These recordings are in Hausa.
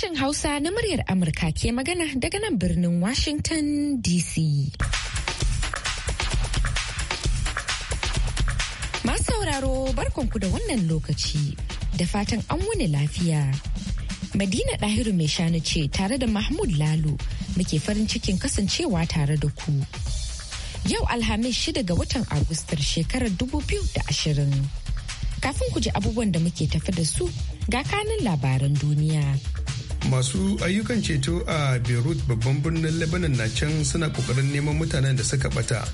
Sashen Hausa na muryar Amurka ke magana daga nan birnin Washington DC. Masu sauraro barkonku da wannan lokaci da fatan an wuni lafiya. Madina Ɗahiru mai shanu ce tare da Mahmud Lalo muke farin cikin kasancewa tare da ku. Yau Alhamis shida ga watan Agustar shekarar dubu biyu da ashirin. Kafin ku ji abubuwan da muke tafi da su ga kanin labaran duniya. masu ayyukan ceto a beirut babban birnin lebanon na can suna kokarin neman mutanen da suka bata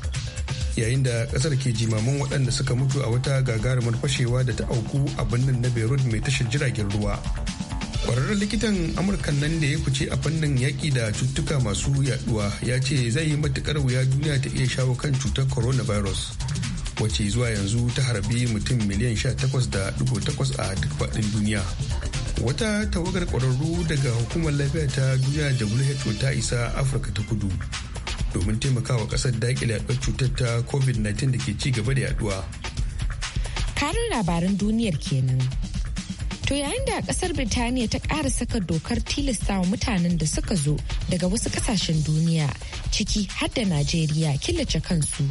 yayin da kasar ke jimamin waɗanda suka mutu a wata gagarumar fashewa da ta auku a birnin na beirut mai tashar jiragen ruwa kwararren likitan amurka nan da ya fice a fannin yaƙi da cututtuka masu yaduwa ya ce zai yi matukar wuya duniya ta iya shawo kan cutar coronavirus wacce zuwa yanzu ta harbi mutum miliyan 18.8 a duk faɗin duniya wata tawagar ƙwararru daga hukumar lafiya ta duniya who ta isa afirka ta kudu domin taimakawa ƙasar dakile yaduwar cutar ta covid-19 da ke ci gaba da yaduwa karin labaran duniyar kenan to yayin da ƙasar birtaniya ta ƙara saka dokar tilasta wa mutanen da suka zo daga wasu ƙasashen duniya ciki har da najeriya killace kansu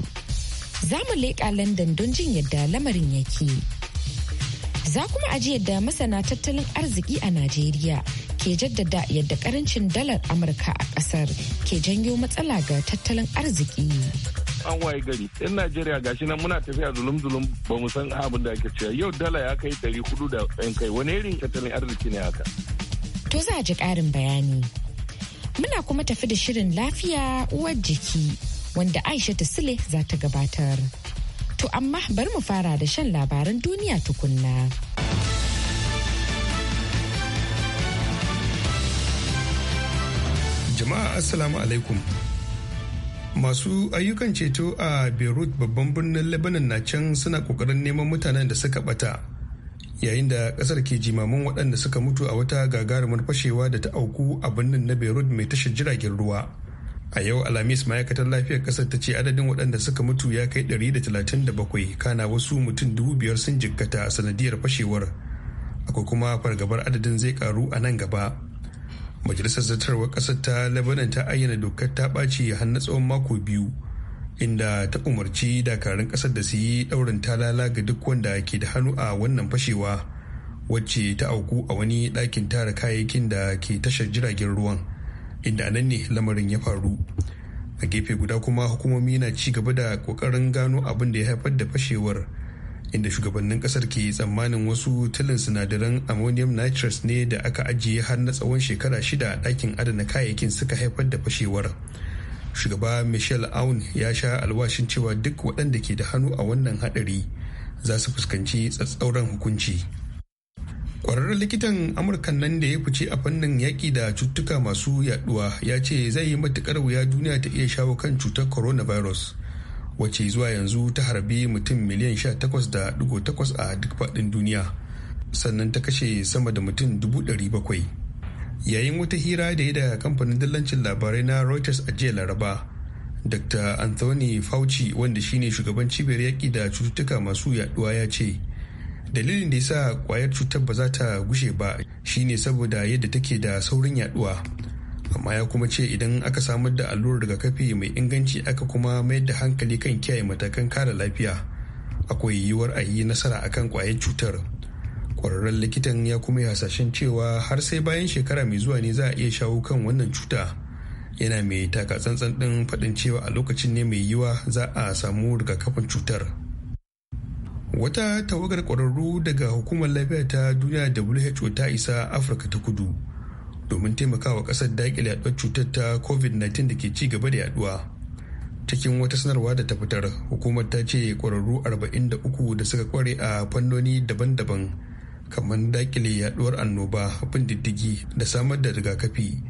za mu leƙa london don jin yadda lamarin yake Za kuma aji yadda masana tattalin arziki a Najeriya ke jaddada yadda karancin dalar Amurka a kasar ke janyo matsala ga tattalin arziki. an waye gari yan najeriya gashi nan muna tafiya zulum zulum ba mu san abin da ake cewa yau dala ya kai dari hudu da yan kai wani irin tattalin arziki ne haka to za a ji ƙarin bayani muna kuma tafi da shirin lafiya uwar jiki wanda aisha ta sule za ta gabatar To amma bari mu fara da shan labaran duniya tukunna. Jama'a Assalamu alaikum. Masu ayyukan ceto a Beirut babban birnin Lebanon na can suna kokarin neman mutanen da suka bata. Yayin da kasar ke jimamin waɗanda suka mutu a wata gagarumar fashewa da ta auku a birnin na Beirut mai tashar jiragen ruwa. a yau alhamis ma'aikatar lafiyar kasar ta ce adadin waɗanda suka mutu ya kai 137 kana wasu mutum dubu biyar sun jikkata a sanadiyar fashewar akwai kuma fargabar adadin zai karu a nan gaba majalisar zartarwar kasar ta lebanon ta ayyana dokar ta ɓaci har tsawon mako biyu inda ta umarci dakarun kasar da su yi ɗaurin talala ga duk wanda ke da hannu a wannan fashewa wacce ta auku a wani ɗakin tara kayayyakin da ke tashar jiragen ruwan. inda anan ne lamarin ya faru a gefe guda kuma hukumomi na ci gaba da kokarin gano abin da ya haifar da fashewar inda shugabannin kasar ke tsammanin wasu tilin sinadaran ammonium nitrate ne da aka ajiye har na tsawon shekara shida a ɗakin adana kayayyakin suka haifar da fashewar shugaba michel aun ya sha alwashin cewa duk waɗanda ke da hannu a wannan haɗari za su fuskanci tsatsauran hukunci kwararren likitan amurkan nan da ya fice a fannin yaƙi da cututtuka masu yaduwa ya ce zai yi matukar wuya duniya ta iya shawo kan cutar coronavirus wacce zuwa yanzu ta harbi mutum miliyan sha-takwas da 18.8 a duk faɗin duniya sannan ta kashe sama da mutum dubu ɗari bakwai. yayin wata hira da ya da kamfanin dillancin labarai na reuters a jiya laraba dr anthony fauci wanda shine shugaban cibiyar yaƙi da cututtuka masu yaduwa ya ce dalilin da yasa kwayar cutar ba za ta gushe ba shine saboda yadda take da saurin yaduwa amma ya kuma ce idan aka samar da allurar rigakafi mai inganci aka kuma mayar da hankali kan kiyaye matakan kare lafiya akwai yiwuwar a yi nasara akan kwayar cutar kwararren likitan ya kuma yi hasashen cewa har sai bayan shekara mai zuwa ne za a iya shawo kan wannan cuta yana mai taka tsantsan din faɗin cewa a lokacin ne mai yiwa za a samu rigakafin cutar. wata tawagar ƙwararru daga hukumar lafiya ta duniya who ta isa afirka ta kudu domin taimakawa ƙasar daƙile yaduwar cutar ta covid-19 da ke ci gaba da yaduwa cikin wata sanarwa da ta fitar hukumar ta ce ƙwararru 43 da suka kware a fannoni daban-daban kamar daƙile yaduwar annoba bin diddigi da samar da rigakafi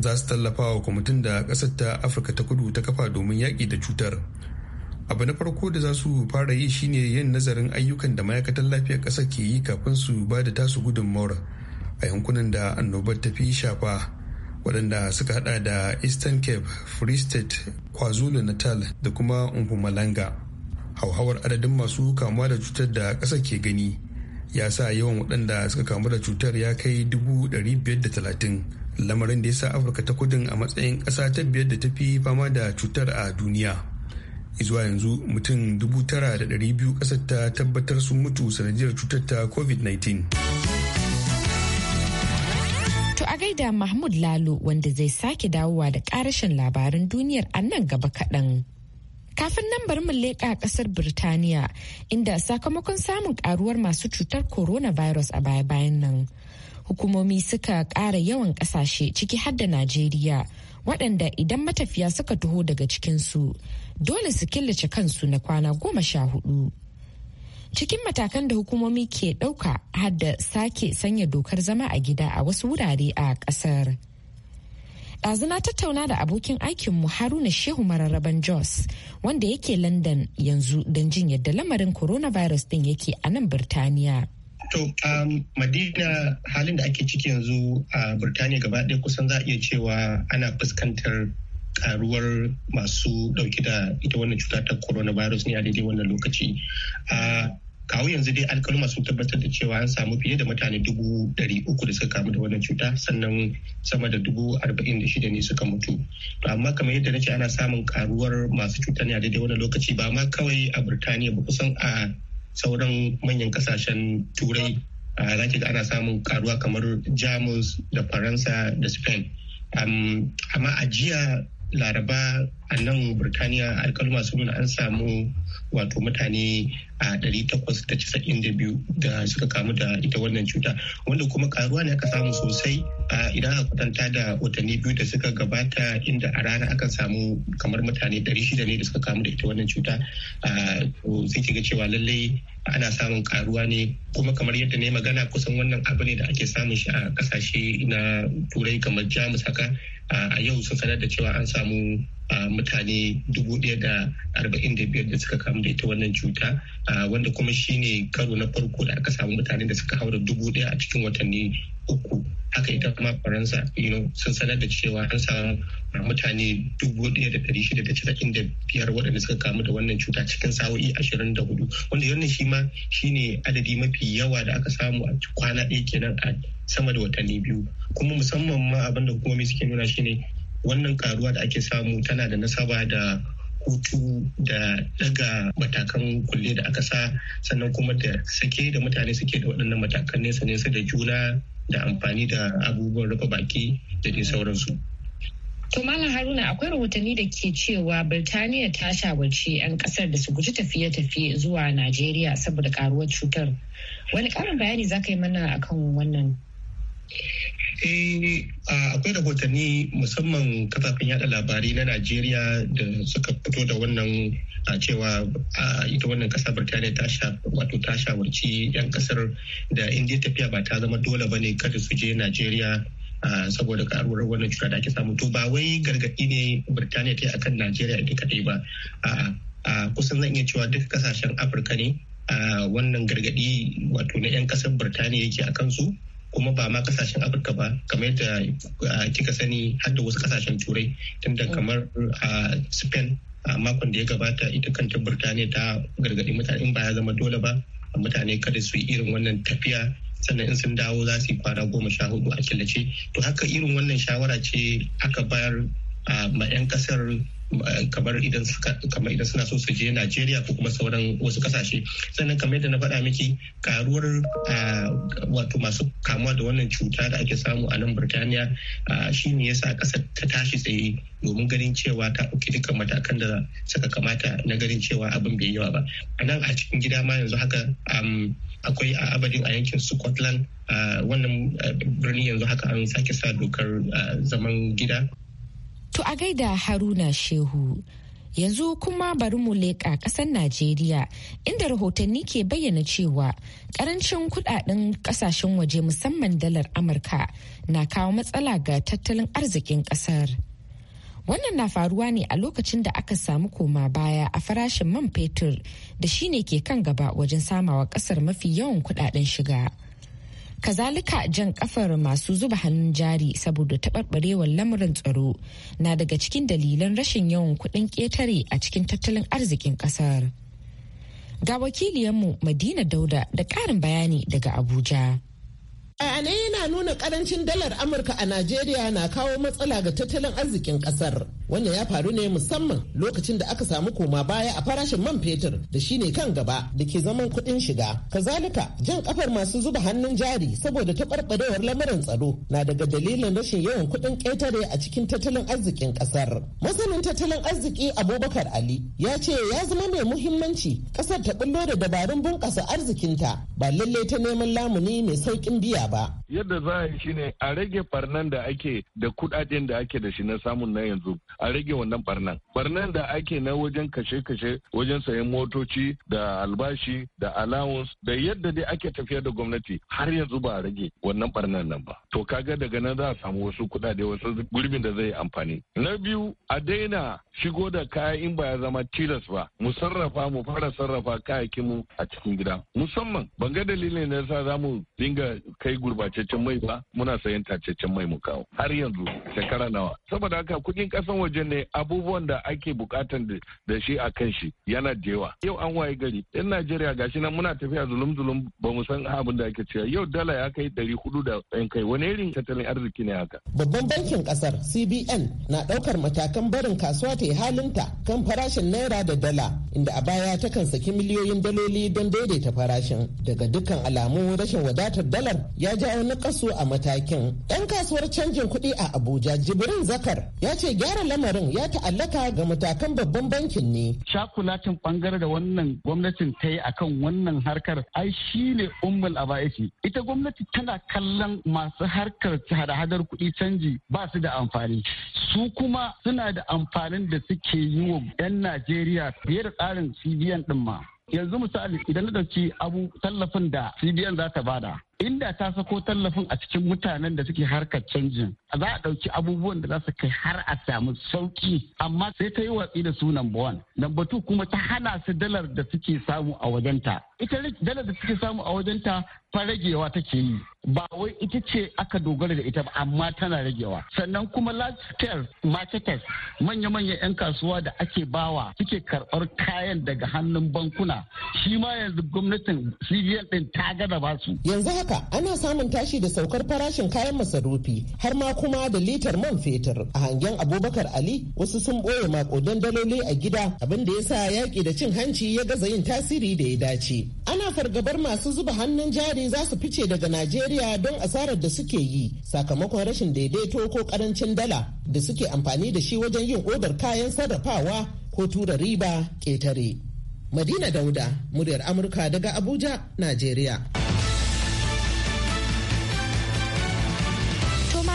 za su tallafa wa kwamitin da ƙasar ta afirka ta kudu ta kafa domin yaƙi da cutar. abu na farko da za su fara yi shine yin nazarin ayyukan da ma'aikatan lafiyar ƙasa ke yi kafin su ba da tasu gudunmawar a yankunan da annobar ta fi shafa waɗanda suka hada da eastern cape free state kwazulu natal da kuma unhumalanga hauhawar adadin masu kamuwa da cutar da ƙasa ke gani ya sa yawan waɗanda suka kamu da cutar ya kai 530 lamarin da ya sa afirka ta kudin a matsayin ƙasa ta biyar da ta fi fama da cutar a duniya zuwa yanzu mutum 9,200 kasar ta tabbatar sun mutu sanadiyar cutar ta covid-19 to a gaida mahmud lalo wanda zai sake dawowa da karashin labaran duniyar a nan gaba kaɗan kafin nan bari mu leƙa ƙasar birtaniya inda sakamakon samun ƙaruwar masu cutar coronavirus a baya-bayan nan hukumomi suka ƙara yawan ƙasashe ciki har da najeriya waɗanda idan matafiya suka taho daga cikinsu dole su killace kansu na kwana goma sha hudu. Cikin matakan da hukumomi ke ɗauka har sake sanya dokar zama a gida a wasu wurare a ƙasar. na tattauna da abokin aikinmu haruna shehu mararraban jos wanda yake london yanzu don jin yadda lamarin coronavirus din yake a nan birtaniya To, um, Madina halin da ake ciki yanzu a uh, Birtaniya gaba ɗaya kusan za a iya cewa ana fuskantar karuwar masu dauke da ita wannan cuta ta coronavirus ne a daidai wannan lokaci kawo yanzu dai alkaluma masu tabbatar da cewa an samu fiye da mutane dubu ɗari uku da suka kamu da wannan cuta sannan sama da dubu arba'in da shida ne suka mutu to amma kamar yadda na ce ana samun karuwar masu cuta ne a daidai wannan lokaci ba ma kawai a birtaniya ba kusan a sauran manyan kasashen turai za ki ga ana samun karuwa kamar jamus da faransa da spain amma a jiya laraba a nan burkaniya alkaluma sun an samu wato mutane a takwas da biyu da suka kamu da ita wannan cuta wanda kuma karuwa ne aka samu sosai a idan aka kwatanta da watanni biyu da suka gabata inda a rana aka samu kamar mutane ɗari shida ne da suka kamu da ita wannan cuta sai ga cewa lallai ana samun karuwa ne kuma kamar yadda ne magana kusan wannan abu ne da ake samun shi a kasashe na turai kamar jamus haka a yau sun sanar da cewa an samu mutane dubu ɗaya da arba'in da biyar da suka kamu da ita wannan cuta wanda kuma shine karo na farko da aka samu mutane da suka haura dubu ɗaya a cikin watanni uku haka ita kuma faransa sun sanar da cewa an samu mutane dubu ɗaya da ɗari shida da casa'in da biyar waɗanda suka kamu da wannan cuta cikin sa'o'i ashirin da hudu wanda wannan shi ma shine adadi mafi yawa da aka samu a kwana ɗaya kenan a sama da watanni biyu kuma musamman ma abinda da hukumomi suke nuna shine wannan karuwa da ake samu tana da nasaba da hutu da daga matakan kulle da aka sa sannan kuma da sake da mutane suke da waɗannan matakan nesa nesa da juna da amfani da abubuwan rufe baki da dai sauransu. To Malam Haruna akwai rahotanni da ke cewa Birtaniya ta shawarci 'yan kasar da su guji tafiye-tafiye zuwa Najeriya saboda karuwar cutar. Wani karin bayani za ka yi mana akan wannan? eh akwai rahotanni musamman kafafen yada labarai na najeriya da suka fito da wannan a cewa ita wannan kasa birtaniya ta sha wato ta shawarci yan kasar da indiya tafiya ba ta zama dole ba ne kada su je najeriya saboda karuwar wannan cuta da ake samu to ba wai gargaɗi ne birtaniya ta yi akan najeriya ita kaɗai ba a kusan zan iya cewa duk kasashen afirka ne wannan gargaɗi wato na 'yan kasar birtaniya yake akan su kuma ba ma kasashen afirka ba kamar yadda kika sani har wasu kasashen turai tunda kamar a spain a makon da ya gabata ita kanta birtaniya ta gargaɗi mutane in ba ya zama dole ba mutane kada su yi irin wannan tafiya sannan in sun dawo za su yi kwana goma sha hudu a killace to haka irin wannan shawara ce aka bayar a 'yan kasar kamar idan kamar idan suna so su je Najeriya ko kuma sauran wasu kasashe sannan kamar yadda na faɗa miki karuwar wato masu kamuwa da wannan cuta da ake samu a nan Birtaniya ne yasa kasar ta tashi tsaye domin ganin cewa ta ɗauki dukkan matakan da suka kamata na ganin cewa abin bai yawa ba a nan a cikin gida ma yanzu haka akwai a abadin a yankin Scotland wannan birni yanzu haka an sake sa dokar zaman gida To a gaida Haruna Shehu. yanzu kuma bari mu leƙa ƙasar najeriya inda rahotanni ke bayyana cewa ƙarancin kuɗaɗen ƙasashen waje musamman dalar amurka na kawo matsala ga tattalin arzikin ƙasar wannan na faruwa ne a lokacin da aka samu koma baya a farashin man fetur da shine ke kan gaba wajen samawa ƙasar mafi yawan kudaden shiga. Kazalika jan kafar masu zuba hannun jari saboda taɓarɓarewar lamarin tsaro na daga cikin dalilan rashin yawan kuɗin ƙetare a cikin tattalin arzikin ƙasar. Ga wakiliyanmu Madina Dauda da ƙarin bayani daga Abuja. bayanai yana nuna karancin dalar amurka a najeriya na kawo matsala ga tattalin arzikin kasar wannan ya faru ne musamman lokacin da aka samu koma baya a farashin man fetur da shi ne kan gaba da ke zaman kuɗin shiga kazalika jan kafar masu zuba hannun jari saboda ta taɓarɓarewar lamarin tsaro na daga dalilin rashin yawan kuɗin ƙetare a cikin tattalin arzikin kasar masanin tattalin arziki abubakar ali ya ce ya zama mai muhimmanci kasar ta bullo da dabarun bunƙasa arzikinta ba lallai ta neman lamuni mai sauƙin biya ba. Yadda za a yi shi ne a rage barnan da ake da kudaden da ake da shi na samun na yanzu a rage wannan barnan. Barnan da ake na wajen kashe-kashe wajen sayan motoci da albashi da allowance da yadda dai ake tafiyar da gwamnati har yanzu ba a rage wannan barnan nan ba. To kaga daga nan za a samu wasu kudade wasu gurbin da zai amfani. Na biyu a daina shigo da kaya in ba ya zama tilas ba mu sarrafa mu fara sarrafa mu a cikin gida musamman ban ga dalilin da yasa za mu dinga kai gurbataccen mai ba muna sayan tacaccen mai mu kawo har yanzu shekara nawa saboda haka kudin kasan wajen ne abubuwan da ake bukatan da shi a kan shi yana da yawa yau an waye gari yan najeriya gashi nan muna tafiya zulum zulum ba mu san abin da ake cewa yau dala ya kai dari hudu da ɗan kai wani irin tattalin arziki ne haka. babban bankin kasar cbn na ɗaukar matakan barin kasuwa ta yi halinta kan farashin naira da dala inda a baya takan saki miliyoyin daloli don daidaita farashin daga dukkan alamu rashin wadatar dalar ya ya wani nakasu a matakin. Yan kasuwar canjin kuɗi a Abuja Jibrin Zakar ya ce gyara lamarin ya ta'allaka ga matakan babban bankin ne. Shakulatin bangare da wannan gwamnatin ta yi akan wannan harkar ai shi ne umul abaisi. Ita gwamnati tana kallon masu harkar hada-hadar kuɗi canji ba su da amfani. Su kuma suna da amfanin da suke yi wa 'yan Najeriya fiye da tsarin CBN ɗin ma. yanzu misali idan na ɗauki abu tallafin da cbn za ta bada inda ta sako tallafin a cikin mutanen da suke harkar canjin za a ɗauki abubuwan da za su kai har a samu sauki amma sai ta yi watsi da su number one number two kuma ta hana su dalar da suke samu a wajenta ita dalar da suke samu a wajenta fa ragewa take yi ba wai ita ce aka dogara da ita ba amma tana ragewa sannan kuma large scale marketers manya manya 'yan kasuwa da ake bawa suke karɓar kayan daga hannun bankuna shi ma yanzu gwamnatin cbn din ta gada ba su haka ana samun tashi da saukar farashin kayan masarufi har ma kuma da litar man fetur. A hangen Abubakar Ali wasu sun ɓoye makodan daloli a gida abin da ya sa yaƙi da cin hanci ya gaza yin tasiri da ya dace. Ana fargabar masu zuba hannun jari za su fice daga Najeriya don asarar da suke yi sakamakon rashin daidaito ko karancin dala da suke amfani da shi wajen yin odar kayan sarrafawa ko tura riba ƙetare. Madina Dauda, muryar Amurka daga Abuja, Najeriya.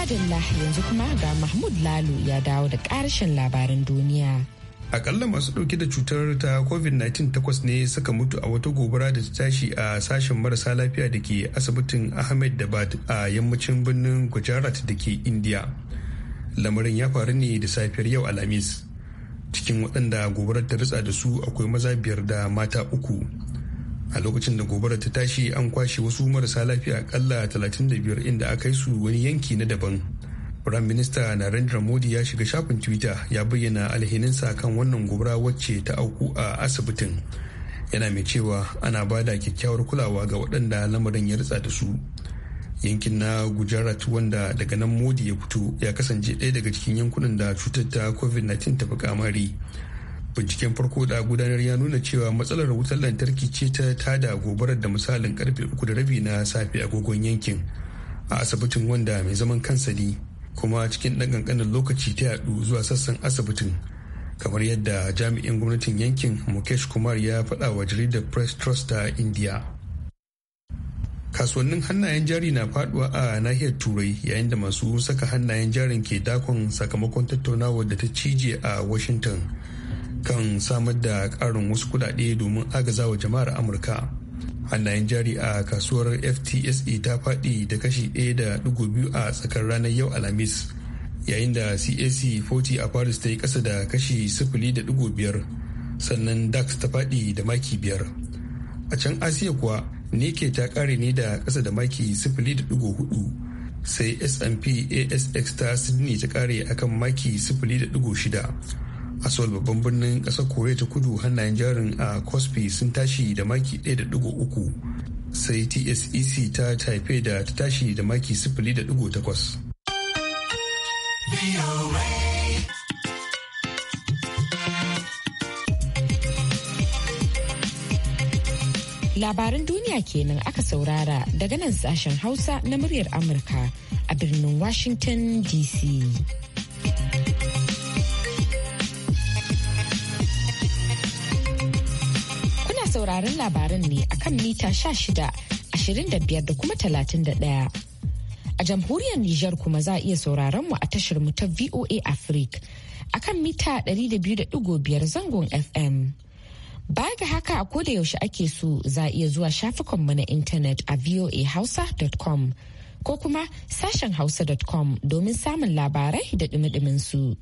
Lahi yanzu kuma ga Mahmud Lalo ya dawo da ƙarshen labaran duniya. Akalla masu ɗauke da cutar ta COVID-19 takwas ne suka mutu a wata gobara da ta tashi a sashen marasa lafiya da ke asibitin Ahmed Dabad a yammacin birnin Gujarat da ke India. Lamarin ya faru ne da safiyar yau Alhamis. Cikin waɗanda gobarar ta ritsa da su akwai maza biyar da mata uku. a lokacin da gobara ta tashi an kwashe wasu marasa lafiya akalla 35 inda aka yi su wani yanki na daban Prime Minister Narendra Modi ya shiga shafin Twitter ya bayyana alhininsa kan wannan gobara wacce ta auku a asibitin. Yana mai cewa ana ba da kyakkyawar kulawa ga waɗanda lamarin ya ritsa da su. Yankin na Gujarat wanda daga nan Modi ya fito ya kasance ɗaya daga cikin yankunan da cutar ta COVID-19 ta fi kamari. binciken farko da gudanar ya nuna cewa matsalar wutar lantarki ce ta tada gobarar da misalin karfe uku da rabi na safe agogon yankin a asibitin wanda mai zaman kansa ne kuma cikin ɗan ƙanƙanin lokaci ta yadu zuwa sassan asibitin kamar yadda jami'in gwamnatin yankin mukesh kumar ya faɗa wa jaridar press trust ta india kasuwannin hannayen jari na faduwa a nahiyar turai yayin da masu saka hannayen jarin ke dakon sakamakon tattaunawar da ta cije a washington kan samar da ƙarin wasu kudade domin agaza wa jama'ar amurka hannayen jari a kasuwar ftse ta faɗi da kashi 1.2 a tsakar ranar yau alhamis yayin da cac 40 a paris ta yi ƙasa da kashi 0.5 sannan dax ta faɗi da maki biyar a can asiya kuwa nike ta ƙare ne da ƙasa da maki 0.4 sai S&P ASX ta Sydney ta kare akan maki a babban birnin ƙasar korea ta kudu hannayen jarin a cosby sun tashi da maki 1.3 sai tsec ta taipei da ta tashi da maki 0.8 labaran duniya kenan aka saurara daga nan sashen hausa na muryar amurka a birnin washington dc sauraron labaran ne akan mita 16, da kuma 31. A jamhuriyar Nijar kuma za a iya sauraron mu a tashar mu ta VOA Africa akan mita 200.5 zangon FM. Baya ga haka a koda yaushe ake so za a iya zuwa shafukanmu na intanet a voahausa.com ko kuma sashen hausa.com domin samun labarai da dumi su.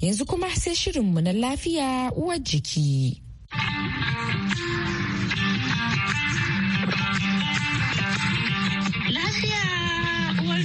Yanzu kuma sai shirinmu na lafiya uwar jiki.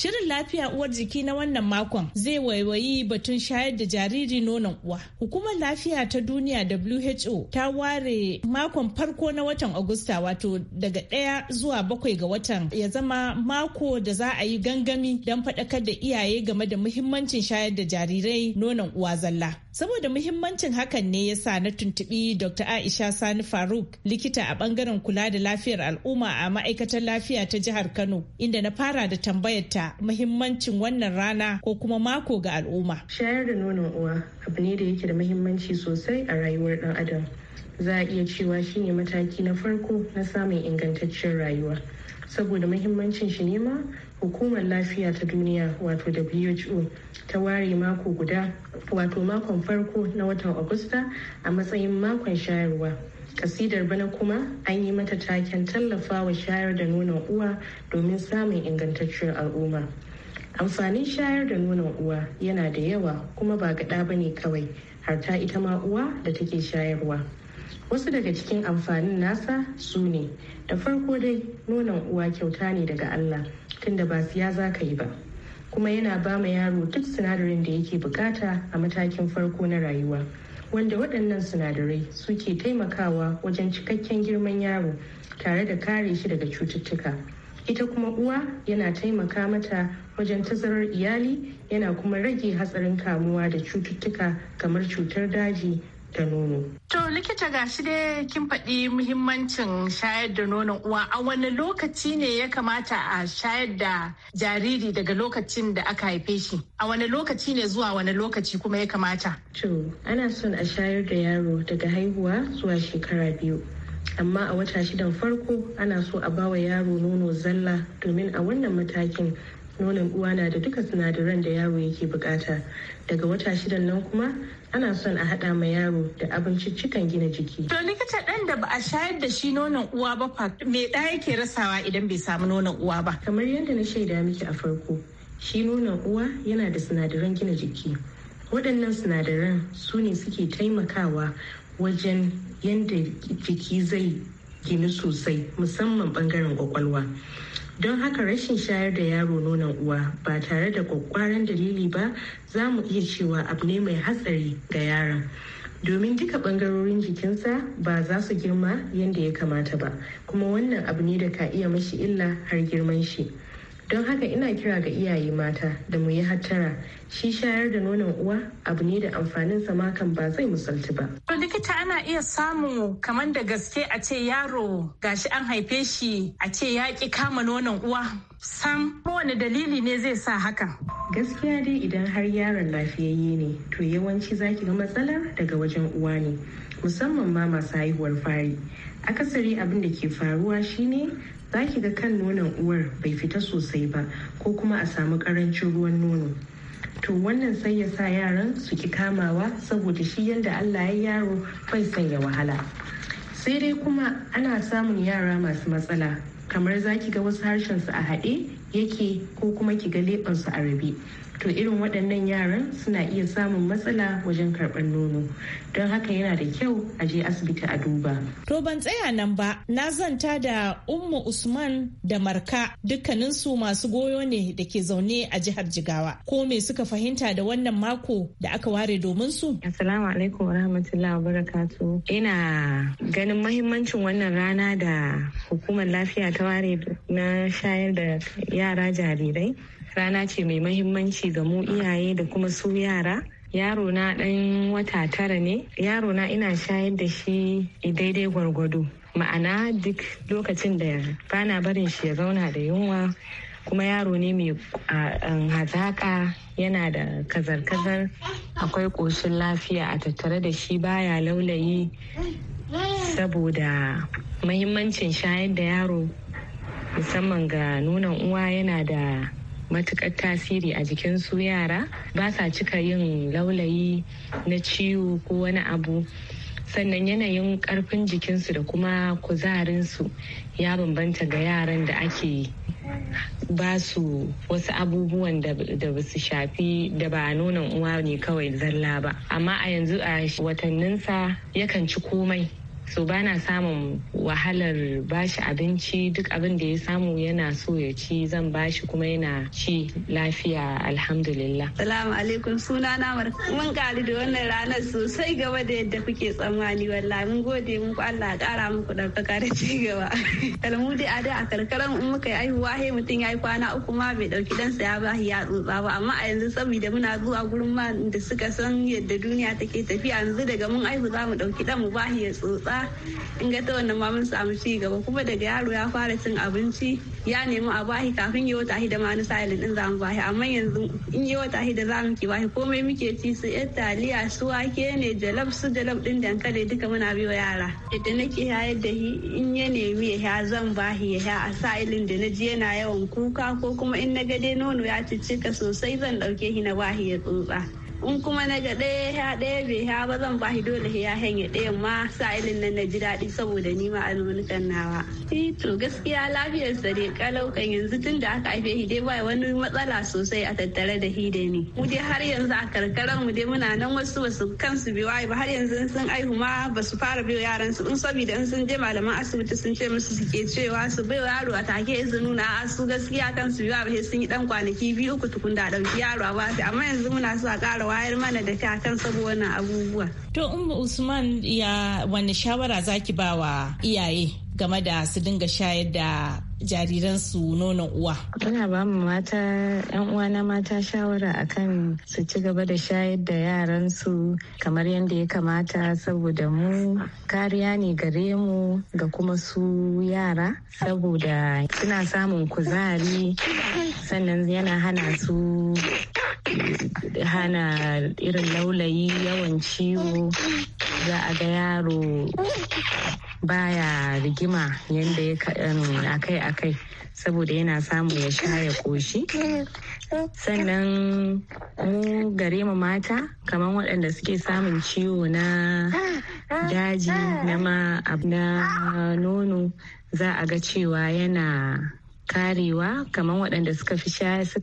Shirin lafiya uwar jiki na wannan makon zai waiwayi batun shayar da jariri nonon uwa. Hukumar lafiya ta duniya WHO ta ware makon farko na watan Agusta wato daga ɗaya zuwa bakwai ga watan ya zama mako da za a yi gangami don faɗakar da iyaye game da muhimmancin shayar da jarirai nonon uwa zalla. Saboda muhimmancin hakan ne ya sa na tuntuɓi Dr. Aisha Sani Faruk likita a bangaren kula da lafiyar al'umma a ma'aikatar lafiya ta jihar Kano inda na fara da tambayar ta muhimmancin wannan rana ko kuma mako ga al'umma. Shayar da nonon uwa abu ne da yake da muhimmanci sosai a rayuwar ɗan adam. Za a iya cewa shine mataki na farko na samun ingantaccen rayuwa. Saboda muhimmancin shi ne ma hukumar lafiya ta duniya wato who ta ware mako guda wato makon farko na watan agusta a matsayin makon shayarwa kasidar bana kuma an yi mata taken tallafawa shayar da nonon uwa domin samun ingantacciyar al'umma amfanin shayar da nonon uwa yana da yawa kuma ba gaɗa ba ne kawai har ta ita ma uwa da take shayarwa wasu daga cikin amfanin nasa su ne da farko dai nonon uwa kyauta ne daga allah tunda ba siya za ka yi ba kuma yana ba ma yaro duk sinadarin da yake bukata a matakin farko na rayuwa wanda waɗannan sinadarai suke taimakawa wajen cikakken girman yaro tare da kare shi daga cututtuka ita kuma uwa yana taimaka mata wajen tazarar iyali yana kuma rage hatsarin kamuwa da cututtuka kamar cutar daji ta nono. To likita ga shi dai kin faɗi muhimmancin shayar da nonon uwa a wani lokaci ne ya kamata a shayar da jariri daga lokacin da aka haife shi a wani lokaci ne zuwa wani lokaci kuma ya kamata. To ana son a shayar da yaro daga haihuwa zuwa shekara biyu. amma a wata shidan farko ana so a bawa yaro nono zalla domin a wannan matakin nonon uwa na da duka sinadaran da yaro yake bukata daga wata shidan nan kuma ana son a haɗa ma yaro da abinciccikan gina jiki. To likita ɗan da ba a shayar da shi nonon uwa ba fa me ɗa yake rasawa idan bai samu nonon uwa ba. Kamar yadda na shaida miki a farko, shi nonon uwa yana da sinadaran gina jiki. Waɗannan sinadaran su ne suke taimakawa wajen yadda jiki zai gini sosai musamman ɓangaren kwakwalwa. don haka rashin shayar da yaro nonon uwa ba tare da kwakwaran dalili ba za mu iya cewa abu ne mai hatsari ga yaron domin duka bangarorin jikinsa ba za su girma yadda ya kamata ba kuma wannan abu ne da ka iya mashi illa har girman shi. don haka ina kira ga iyaye mata da mu yi hattara shi shayar da nonon uwa abu ne da amfanin sama makan ba zai musalti ba. To likita ana iya samu kamar da gaske a ce yaro gashi an haife shi a ce ya ki kama nonon uwa sam kowane dalili ne zai sa haka. Gaskiya dai idan har yaron lafiyayye ne to yawanci zaki ga matsalar daga wajen uwa ne. musamman ma masu haihuwar fari akasari abin da ke faruwa shine za ki ga kan nonon uwar bai fita sosai ba ko kuma a samu karancin ruwan nono to wannan sai ya sa yaran su ki kamawa saboda shi yadda allah ya yaro bai sanya wahala sai dai kuma ana samun yara masu matsala kamar za ki ga wasu harshensu a haɗe yake ko kuma ki ga leɓensu a rabe to irin waɗannan yaran suna iya samun matsala wajen karɓar nono don haka yana da kyau a je asibiti a duba. To ban tsaya nan ba na zanta da Ummu Usman da Marka dukkaninsu masu goyo ne da ke zaune a jihar Jigawa. Ko me suka fahimta da wannan mako da aka ware domin su? Assalamu alaikum wa rahmatullahi wa barakatu. Ina ganin mahimmancin wannan rana da hukumar lafiya ta ware na shayar da yara jarirai. rana ce mai mahimmanci ga mu iyaye da kuma su yara yaro na ɗan wata tara ne yaro na ina shayar da shi daidai gwargwado ma'ana duk lokacin da bana barin shi ya zauna da yunwa kuma yaro ne mai hazaka yana da kazar-kazar akwai ƙoshin lafiya a tattare da shi baya laulayi saboda mahimmancin shayar da yaro musamman ga nunan uwa yana da matukar tasiri a jikin su yara ba sa cika yin laulayi na ciwo ko wani abu sannan yanayin ƙarfin jikinsu da kuma kuzarinsu ya bambanta ga yaran da ake ba su wasu abubuwan da ba su shafi da ba nonon uwa ne kawai zalla ba amma a yanzu a watanninsa yakan ci komai so na samun wahalar bashi abinci duk abin da ya samu yana so ya ci zan bashi kuma yana ci lafiya alhamdulillah salamu alaikum suna na mun karu da wannan ranar sosai gaba da yadda kuke tsammani wallahi mun gode muku Allah kara muku ɗaukaka da ci gaba kalmudi a da a karkaran in muka yi aihuwa he mutum ya yi kwana uku ma bai ɗauki ɗansa ya ba ya tsotsa ba amma a yanzu saboda muna zuwa gurin ma da suka san yadda duniya take tafiya yanzu daga mun aihu za mu ɗauki ɗan mu ba ya tsotsa in ga ta wannan ma mun samu ci gaba kuma daga yaro ya fara cin abinci ya nemi a bashi kafin yi wata hida ma na sa'ilin din za mu bahi amma yanzu in yi wata hida mu ki bahi komai muke ci su yan taliya su wake ne jalab su jalab din dankali duka muna wa yara yadda nake ya yadda in ya nemi ya ya zan bahi ya ya a sa'ilin da na ji yana yawan kuka ko kuma in na ga dai nono ya ciccika sosai zan dauke shi na bahi ya tsotsa in kuma na ga ɗaya ya ɗaya bai ya ba zan ba shi dole ya hanya ɗayan ma sa ilin nan na ji daɗi saboda ni ma almulkan nawa. Eh to gaskiya lafiyar sa dai kalau kan yanzu tun da aka haife shi dai ba wani matsala sosai a tattare da shi da ni. Mu dai har yanzu a karkaran mu dai muna nan wasu wasu kansu bai waye ba har yanzu sun aihu ma ba su fara biyo yaran su in saboda in sun je malaman asibiti sun ce musu suke cewa su bai yaro a take su nuna a su gaskiya kansu biyu ba sun yi dan kwanaki biyu uku tukun da ɗauki yaro a ba amma yanzu muna so a ƙara wayar mana da kakan saboda abubuwa. To Umma Usman ya wani shawara zaki ba wa iyaye game da su dinga shayar da jariransu nonon uwa. Ina ba mu mata yan uwana mata shawara akan su ci gaba da shayar da yaran su kamar yadda ya kamata saboda mu kariya ne gare mu ga kuma su yara saboda suna samun kuzari sannan yana hana su hana irin laulayi yawan ciwo za a ga yaro baya rigima yadda ya um, akai akai saboda yana samu ya sha ya koshi sannan mu gare mu mata kamar waɗanda suke samun ciwo na daji na ma na nono za a ga cewa yana karewa kamar waɗanda suka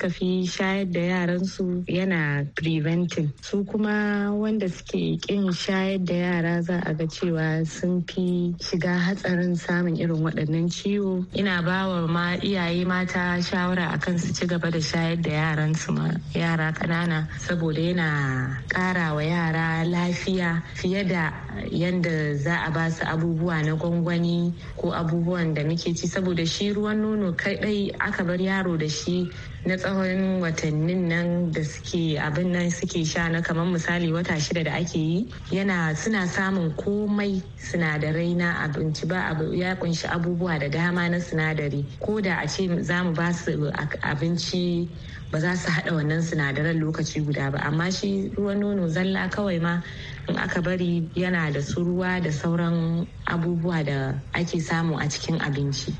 fi shayar da yaransu yana preventing su kuma wanda suke kin shayar da yara za a ga cewa sun fi shiga hatsarin samun irin waɗannan ciwo ina ba wa ma iyaye mata shawara akan su ci gaba da shayar da yaransu ma yara ƙanana saboda yana ƙara wa yara lafiya fiye da yadda za a ba su abubuwa na gwangwani ko abubuwan da muke ci saboda shi ruwan nono kai. Kaɗai aka bar yaro da shi na tsawon watannin nan da suke abin nan suke sha na kamar misali wata shida da ake yi yana suna samun komai sinadarai na abinci ba ya kunshi abubuwa da dama na sinadari ko da a ce za mu ba su abinci ba za su haɗa wannan sinadaran lokaci guda ba amma shi ruwan nono zalla kawai ma in aka bari yana da su ruwa da sauran abubuwa da ake samu a cikin abinci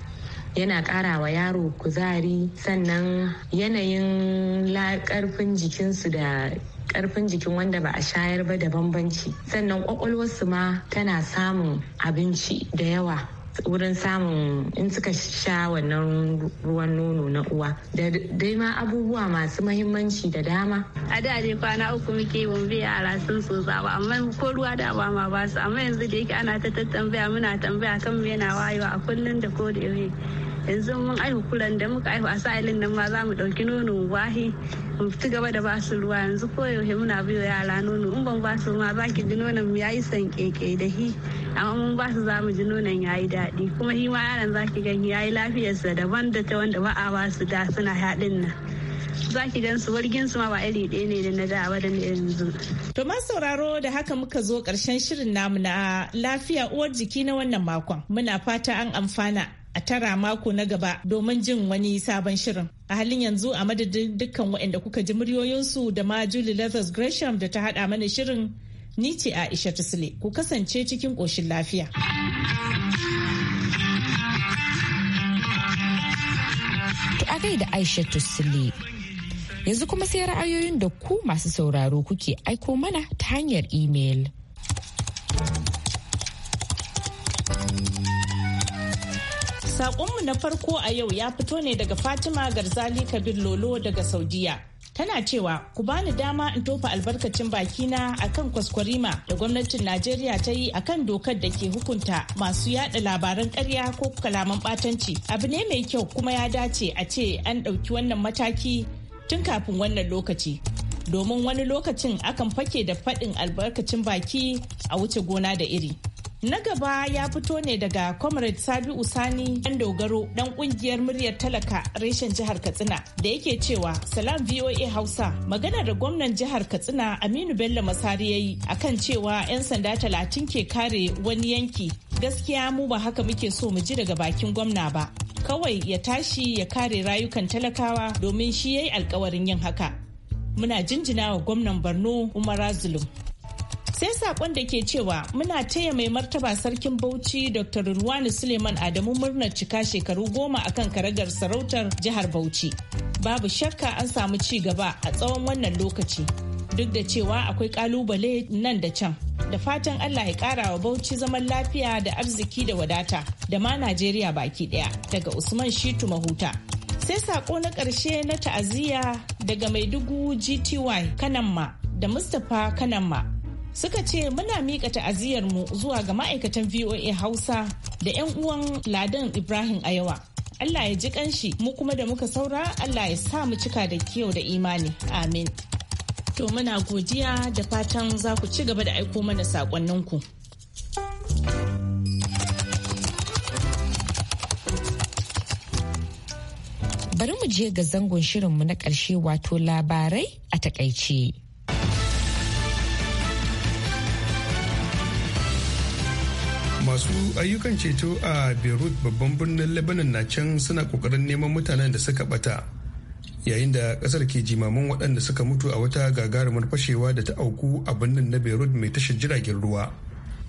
yana ƙara wa yaro kuzari sannan yanayin ƙarfin jikinsu da karfin jikin wanda ba a shayar ba da bambanci sannan kwakwalwarsu ma tana samun abinci da yawa wurin samun in suka sha wannan ruwan nono na uwa da dai ma abubuwa masu mahimmanci da dama a da dai kwana uku muke mun bi yara sun so amma ko ruwa da ba ma ba su amma yanzu da yake ana ta tattambaya muna tambaya kan yana wayewa a kullum da ko da yaushe yanzu mun aihu kuran da muka aihu a sa'ilin nan ma za mu ɗauki nono wahi mu ci gaba da basu ruwa yanzu koyaushe muna biyo yara nono in ban basu ma za ki ji nonon ya yi san keke da hi amma mun basu za mu ji nonon ya yi daɗi kuma shi ma yaran za ki gani ya yi lafiyarsa daban da ta wanda ba a basu da suna haɗin nan. za ki gan su wargin su ma ba iri ɗaya ne da na da ba da yanzu. To ma sauraro da haka muka zo ƙarshen shirin namu na lafiya uwar jiki na wannan makon. Muna fata an amfana a tara mako na gaba domin jin wani sabon shirin. A halin yanzu a madadin dukkan waɗanda kuka ji muryoyinsu da ma Julie Leathers Gresham da ta haɗa mana shirin ni ce Aisha Tusle ku kasance cikin ƙoshin lafiya. To da Aisha Tusle. Yanzu kuma sai ra'ayoyin da ku masu sauraro kuke aiko mana ta hanyar imel. Saƙonmu na farko a yau ya fito ne daga Fatima Garzali Kabir Lolo daga Saudiya. Tana cewa ku bani dama in tofa albarkacin bakina akan kwaskwarima da gwamnatin Najeriya ta yi akan dokar da ke hukunta masu yada labaran karya ko kalaman batanci Abu ne mai kyau kuma ya dace a ce an ɗauki wannan mataki tun kafin wannan lokaci. Domin wani lokacin akan fake da faɗin albarkacin baki a wuce gona da iri. Na gaba ya fito ne daga Comrade sabi Sani ɗan dogaro ɗan ƙungiyar muryar talaka reshen jihar Katsina da yake cewa Salam VOA Hausa magana da gwamnan jihar Katsina Aminu Bello Masari yayi akan cewa 'yan sanda talatin ke kare wani yanki gaskiya mu ba haka muke so mu ji daga bakin gwamna ba kawai ya tashi ya kare rayukan talakawa domin shi yayi alkawarin yin haka. Muna jinjina wa gwamnan Borno Umar Azulum. sai sakon da ke cewa muna taya mai martaba sarkin bauchi dr ruwani suleiman adamu murnar cika shekaru goma akan karagar sarautar jihar bauchi babu shakka an samu ci gaba a tsawon wannan lokaci duk da cewa akwai kalubale nan da can da fatan allah ya kara wa bauchi zaman lafiya da arziki da wadata da ma najeriya baki daya daga usman shitu mahuta sai sako na karshe na ta'aziyya daga maiduguri gty kananma da mustapha kananma suka ce muna miƙa mu zuwa ga ma'aikatan VOA Hausa da 'yan uwan Ladan Ibrahim Ayawa. Allah ya ji kanshi mu kuma da muka saura Allah ya sa mu cika da kyau da imani. Amin. To muna godiya da fatan za ku ci gaba da aiko mana saƙonninku. Bari mu je ga zangon shirin mu na ƙarshe wato labarai a takaice. masu ayyukan ceto a beirut babban birnin lebanon na can suna kokarin neman mutanen da suka bata yayin da kasar ke jimamin waɗanda suka mutu a wata gagarumar fashewa da ta auku a birnin na beirut mai tashar jiragen ruwa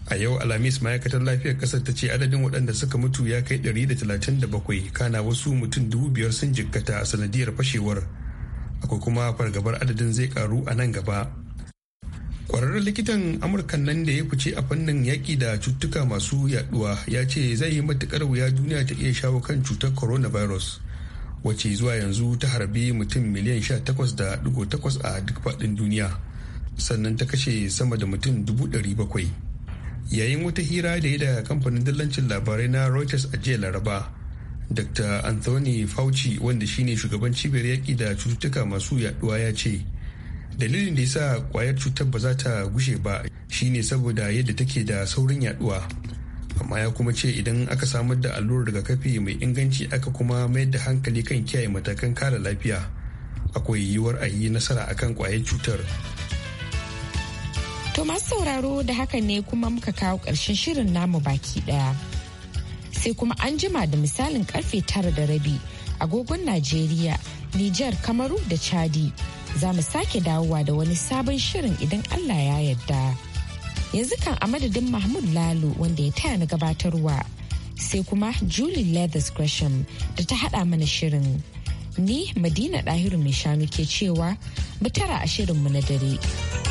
a yau alhamis ma'aikatar lafiyar kasar ta ce adadin waɗanda suka mutu ya kai da da talatin bakwai kana wasu mutum dubu biyar sun jikkata a sanadiyar fashewar akwai kuma fargabar adadin zai karu a nan gaba kwararren likitan amurka nan da ya kuce a fannin yaƙi da cututtuka masu yaduwa ya ce zai yi matukar wuya duniya ta iya shawo kan cutar coronavirus wacce zuwa yanzu ta harbi mutum miliyan da 18.8 a duk faɗin duniya sannan ta kashe sama da mutum bakwai. yayin wata hira da ya da kamfanin dillancin labarai na reuters a jiya laraba dr anthony fauci wanda shine shugaban cibiyar yaƙi da cututtuka masu yaduwa ya ce dalilin da yasa kwayar cutar ba za ta gushe ba shine saboda yadda take da saurin yaduwa amma ya kuma ce idan aka samar da allurar rigakafi mai inganci aka kuma mayar da hankali kan kiyaye matakan kare lafiya akwai yiwuwar a yi nasara akan kwayar cutar to masu sauraro da hakan ne kuma muka kawo ƙarshen shirin namu baki daya sai kuma an jima da misalin karfe tara da rabi agogon najeriya nijar kamaru da chadi za mu sake dawowa da wani sabon shirin idan Allah ya yarda. Yanzu kan a madadin Mahmud lalu wanda ya taya na gabatarwa sai kuma Julie Leathers Gresham da ta haɗa mana shirin. Ni Madina Ɗahiru mai shanu ke cewa mu tara a shirinmu na dare.